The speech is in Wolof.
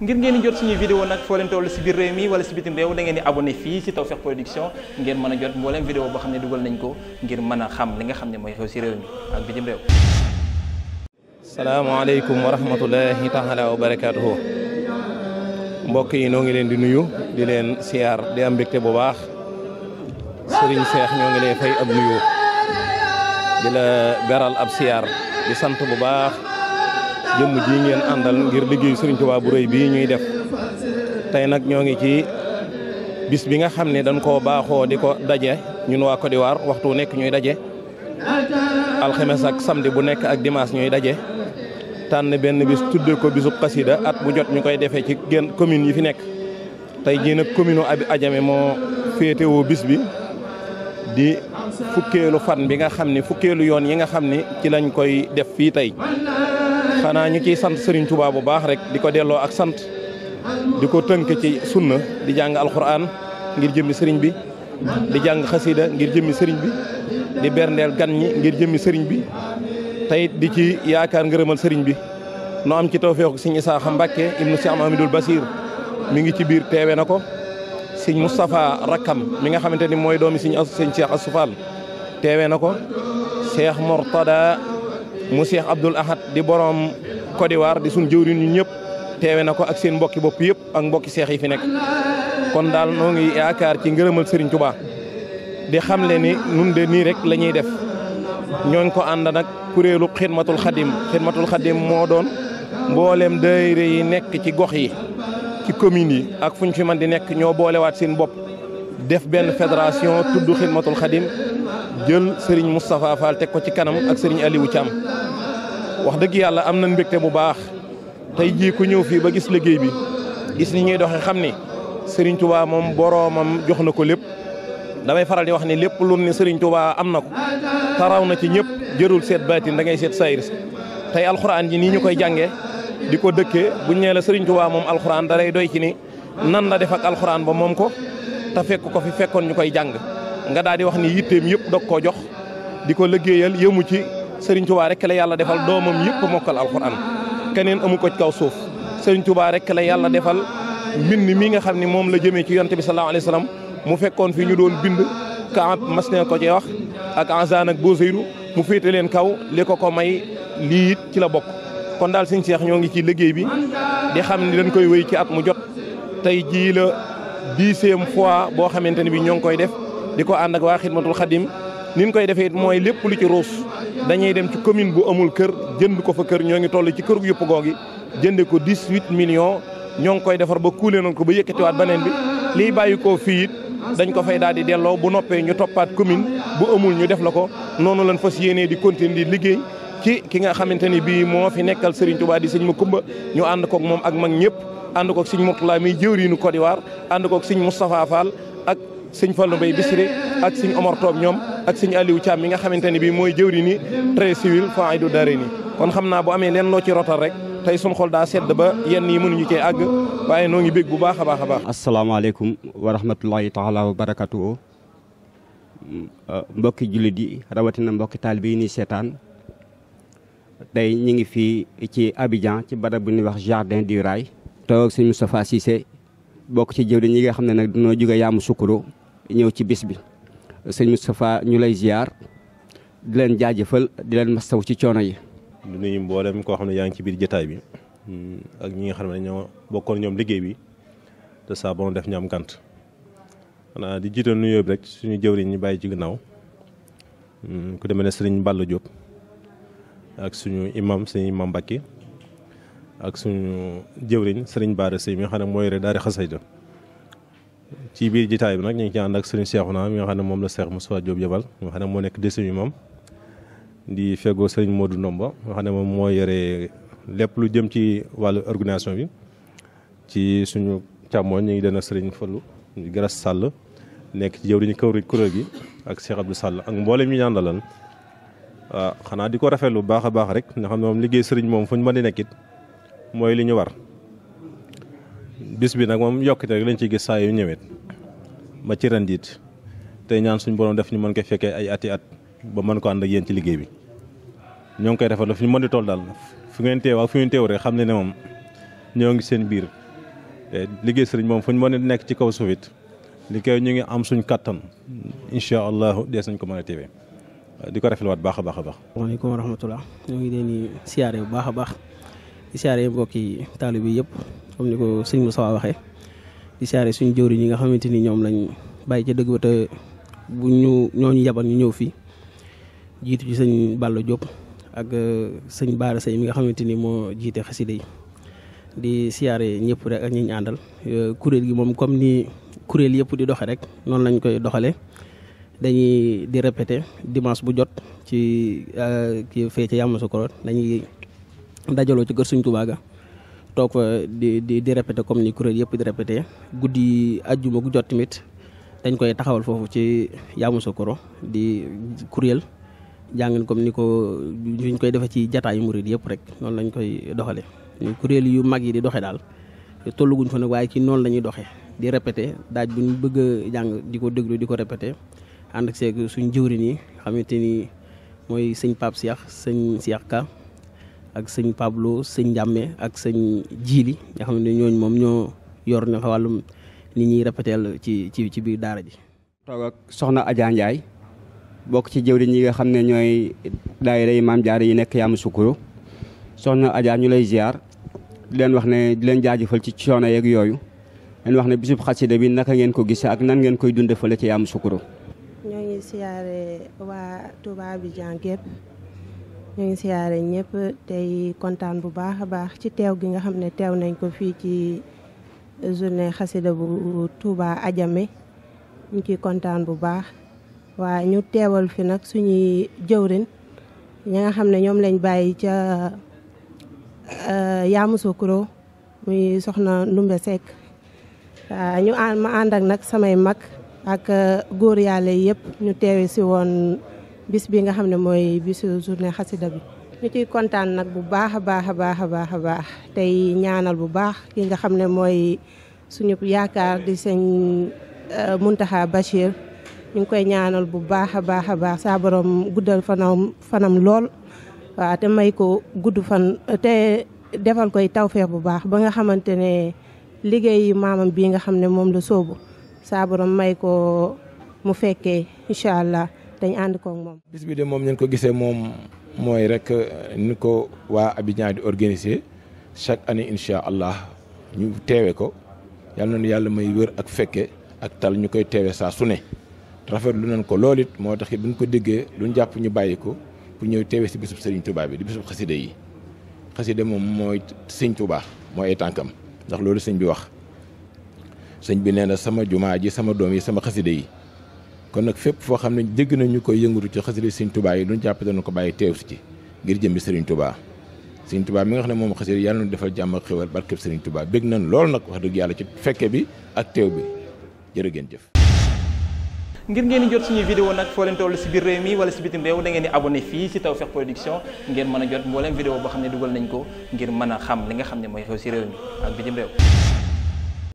ngir ngeen di jot suñuy vidéo nag foo leen toll si biir réew mi wala si bitim réew da ngeen di abonné fii si Tawfekh Production ngeen mën a jot mbooleem vidéo boo xam ne dugal nañ ko ngir mën a xam li nga xam ne mooy xew si réew mi ak bitim réew salaamaaleykum wa rahmatullahi taala wa mbokk yi noo ngi leen di nuyu di leen siyaar di am mbégte bu baax sëriñ Seex ñoo ngi lay fay ab nuyu di la garal ab siyaar di sant bu baax jëmm ji ngeen àndal ngir liggéey Sëriñ Tuubaa bu rëy bii ñuy def tey nag ñoo ngi ci bis bi nga xam ne dañ ko baaxoo di ko daje ñun waa Côte d'Ivoire waxtu nekk ñuy daje alxames ak samedi bu nekk ak dimanche ñuy daje tànn benn bis tudde ko bisub xasida at bu jot ñu koy defee ci genn commune yi fi nekk tey jii nag commune abi ajame moo féetewoo bis bi di fukkeelu fan bi nga xam ne fukkeelu yoon yi nga xam ne ci lañ koy def fii tey xanaa ñu ciy sant Serigne Touba bu baax rek di ko delloo ak sant di ko tënk ci sunna di jàng alxuraan ngir jëmmi sëriñ bi di jàng xasida ngir jëmmi sëriñ bi di berndeel gan ñi ngir jëmmi sëriñ bi tayit di ci yaakaar ngërëmal sëriñ bi no am ci tawfeexu sëñ Isaaxa Mbàkke mu si Ahmadul Basir mi ngi ci biir teewe na ko sëñ Moustapha rakkam mi nga xamante ni mooy doomi sëñ as sëñ Cheikh Assoufal na ko Cheikh Mortada mu Cheikh Abdoul Ahad di borom Côte d'Ivoire di suñ jëwriñ ñu ñëpp teewe na ko ak seen mbokki bopp yëpp ak mbokki seex yi fi nekk kon daal noo ngi yaakaar ci ngërëmal Serigne Touba di xam le ni nun de nii rek la ñuy def ñooñ ko ànd nag kuréelu xidmatul xadim xidmatul xadim moo doon mboolem daayira yi nekk ci gox yi ci commune yi ak fuñ fi man di nekk ñoo boolewaat seen bopp def benn fédération tudd xidmatul xadim jël sëriñ Moustapha Fall teg ko ci kanam ak sëriñ Aliou Thiam wax dëgg yàlla am na mbégte bu baax tey jii ku ñëw fii ba gis liggéey bi gis ni ñuy doxee xam ni sëriñ Touba moom boroomam jox na ko lépp damay faral di wax ni lépp lu ni sëriñ Touba am na ko taraw na ci ñëpp jërul seet baatin da ngay seet sayir tey alxuraan ji nii ñu koy jàngee di ko dëkke buñ nee la sëriñ Touba moom alxuraan dara lay doy ci ni nan la def alxuraan ba moom ko te fekk ko fi fekkoon ñu koy jàng nga daal di wax ni yitteem yëpp dog koo jox di ko liggéeyal yëmu ci Serigne Touba rek la yàlla defal doomam yëpp mokkal alxuraan keneen amu ko ci kaw suuf Serigne Touba rek la yàlla defal mbind mii nga xam ni moom la jëmee ci yonte bi sallallahu alayhi wa mu fekkoon fi ñu doon bind Kaab mas ne ko cee wax ak Anzaan ak Boseyru mu féete leen kaw li ko ko may lii it ci la bokk kon daal Serigne Cheikh ñoo ngi ci liggéey bi di koy wéy ci mu jot dixième fois boo xamante ne bi ñoo ngi koy def di ko ànd ak waa xidmatul xadim ni ñu koy defee it mooy lépp lu ci ruus dañuy dem ci commune bu amul kër jënd ko fa kër ñoo ngi toll ci kër gu yëpp googi jënde ko dix-huit millions ñoo ngi koy defar ba kuule nañ ko ba yëkkatiwaat beneen bi liy bàyyi koo fii dañ ko fay daal di delloo bu noppee ñu toppaat commune bu amul ñu def la ko noonu lañ fas yéenee di continuer di liggéey ci ki nga xamante ni bii moo fi nekkal Serigne Touba di sëñ Makumba ñu ànd koog moom ak mag ñëpp ànd koog sëñ Mourtala mi jëwriñu Côte d'Ivoire ànd koog sëñ Moustapha Fall ak sëñ Fallou Mbaye Bissiré ak sëñ Omar ñoom ak sëñ Aliou Thiam mi nga xamante ni bii mooy jëwriñu très civil fond Aïdou Darayni kon xam naa bu amee leen loo ci rotal rek tey suñu xol daa sedd ba yenn yi mënuñu cee àgg waaye noo ngi bég bu baax a baax a baax. asalaamaaleykum wa rahmatulahi taala wa barakatuhu mbokki jullit yi rawatina mbokki taalibe yi nii seetaan tey ñu ngi fii ci Abidjan ci barab bu ñuy wax jardin du rail toog sëñ Moustapha Cissé bokk ci jëwriñ ñi nga xam ne nag dañoo jóge yaamu sukkuru ñëw ci bis bi sëñ Moustapha ñu lay ziar di leen jaajëfal di leen mastaw ci coono yi di nuyu mboolem koo xam ne yaa ngi ci biir jotaay bi hmm, ak ñi nga xam ne ñoo bokkoon ñoom liggéey bi te saa def ñu am gànt xanaa di jiital nuyoo bi rek suñu jëwriñ ñu bàyyi ci gannaaw hmm, ku demee ne sëriñ Balla Diop ak suñu imam sëñ imam Mbacke ak suñu jëwriñ sëriñ baar Sey mi nga moo ne mooy yore daari ci biir jitaay bi nag ñu ngi ci ànd ak sëriñ Cheikhouna mi nga xam ne moom la Cheikh Moussa Diop yebal nga xam ne moo nekk deuxième imam di feggoo sëriñ Modou Ndomba nga xam ne moom mooy yore lépp lu jëm ci wàllu organisation bi ci suñu càmmooñ ñu ngi dana sëriñ Fallou Garas Sall nekk ci jëwriñu kawrit kuréel gi ak Cheikh Abdou Sall ak mboolem ñu ñaandalal waaw ah, xanaa di ko rafetlu bu baax a baax rek nga xam ne moom liggéey sëriñ moom fu ñu mën di nekkit mooy li ñu war bis bi nag moom yokkite rek lañ ciy gis saa yu ñëwet ba ci ren jiit tey ñaan suñu borom def ñu mën ko fekkee ay ati at ba mën ko ànd ak yéen ci liggéey bi ñoo ngi koy rafetlu fu ñu mën di toll daal fu ngeen teew fu ngeen teew rek xam ne ne moom ñoo ngi seen biir eh, liggéey sëriñ moom fu ñu mën di nekk ci kaw suufit li koy ñu ngi am suñ kattan incha allah dees nañ ko mën a teewee di ko rafetlu waat baax a baax a baax. waaleykum wa rahmatulah ñoo ngi leen di bu baax a baax di siyaare mbokki taalib yi yëpp comme ni ko sëñ Moussa waxee di siyaare suñu jëwri ñi nga xamante ni ñoom lañ bàyyi ca dëgg ba bu ñu ñooñu yabal ñu ñëw fii jiitu ci sëñ Balla Diop ak euh, sëñ Baara Seye mi nga xamante ni moo jiite xasida di siyaare ñëpp rek ak ñi ñu àndal euh, kuréel gi moom comme nii kuréel yëpp di doxe rek noonu lañu koy doxalee. dañuy di répéter dimanche bu jot ci euh, kii fee ca Yamoussoukro dañuy dajaloo ci kër Sëñ Tuubaa toog di di di comme ni kuréel yëpp di répéter guddi àjjuma gu jot tamit dañ koy taxawal foofu ci sa koro di kuréel jàngin comme ni ko ñu koy defee ci jataayu murid yëpp rek noonu lañ koy doxale kuréel yu mag yi di doxe daal guñ fa nag waaye ci noonu la ñuy doxee di répéter daaj bu ñu bëgg a jàng di ko déglu di ko répéter ànd ak seeg suñ jëwrin yi xamante ni mooy sëñ Pape Cheikh sëñ Cheikh Ka ak sëñ Pablo sëñ Njàmme ak sëñ Jili nga xam ne ñooñu moom ñoo yor na wàllum ni ñuy répéteel ci ci ci biir daara ji. toog ak soxna Adja Ndiaye bokk ci jëwriñ ñi nga xam ne ñooy daayira yi maam jaara yi nekk Yamoussoukro soxna Adja ñu lay ziar di leen wax ne di leen jaajëfal ci coono yeeg yooyu leen wax ne bisub xasida bi naka ngeen ko gisee ak nan ngeen koy dundee fële ci Yamoussoukro ngi siyaare waa Touba Abidjan gépp ñu ngi siyaare ñépp tey kontaan bu baax a baax ci teew gi nga xam ne teew nañ ko fii ci journée xasida bu tuuba ajami ñu ki kontaan bu baax waa ñu teewal fi nag suñuy jëwrin ñi nga xam ne ñoom lañ bàyyi ca euh, Yamoussoukro muy soxna Ndumbe Seck waa ñu ma ànd ak nag samay mag ak euh, góor yàlla yëpp ñu teewe si woon bis bii nga xam ne mooy bisu journée xasida bi ñu ciy kontaan nag bu baax a baax a baax a baax a baax tey ñaanal bu baax ki nga xam ne mooy suñu yaakaar di sëñ euh, Muntaxa Bachir ñu ngi koy ñaanal bu baax a baax a baax saa borom guddal fanam fanam lool waaw te may ko gudd fan te defal koy tawfeex bu baax ba nga xamante ne liggéey maamam bii nga xam ne moom la soobu saa may ko mu fekkee incha allah dañ ànd koog moom. bis de moom ñu ko gisee moom mooy rek euh, ni ko waa Abidjan di organiser chaque année incha allah ñu teewe ko yàlla na yàlla may wër ak fekke ak tal ñu koy teewe saa su ne rafet lu nañ ko lool it moo tax it bu ñu ko déggee lu ñu jàpp ñu bàyyi ko pour ñëw teewe si bisub Serigne tubaab bi di bisub xasida yi xasida moom mooy Serigne Touba mooy ay tànkam ndax loolu sëñ bi wax. sëñ bi nee na sama jumaa ji sama doom yi sama xaside yi kon nag fépp foo xam ne dégg nañu koy yëngatu ci xaside sëñ tubaa yi duñ jàpp dana ko bàyyi teew si ci ngir jëmbi sëriñ Touba sëriñ Touba mi nga xam ne moom xaside yàlla nu defal jàmm ak xéwal barkeb sëriñ Touba bég nañ lool nag wax dëgg yàlla ci fekke bi ak teew bi jërë ngeen jëf ngir ngeen di jot suñuy vidéo nag foo leen toll si biir réew mi wala si bitim réew da ngeen di abonné fii si Tawfekh Production ngeen mën a jot mbooleem vidéo boo xam ne dugal nañ ko ngir mën a xam li nga xam ne mooy xew si réew mi ak bitim réew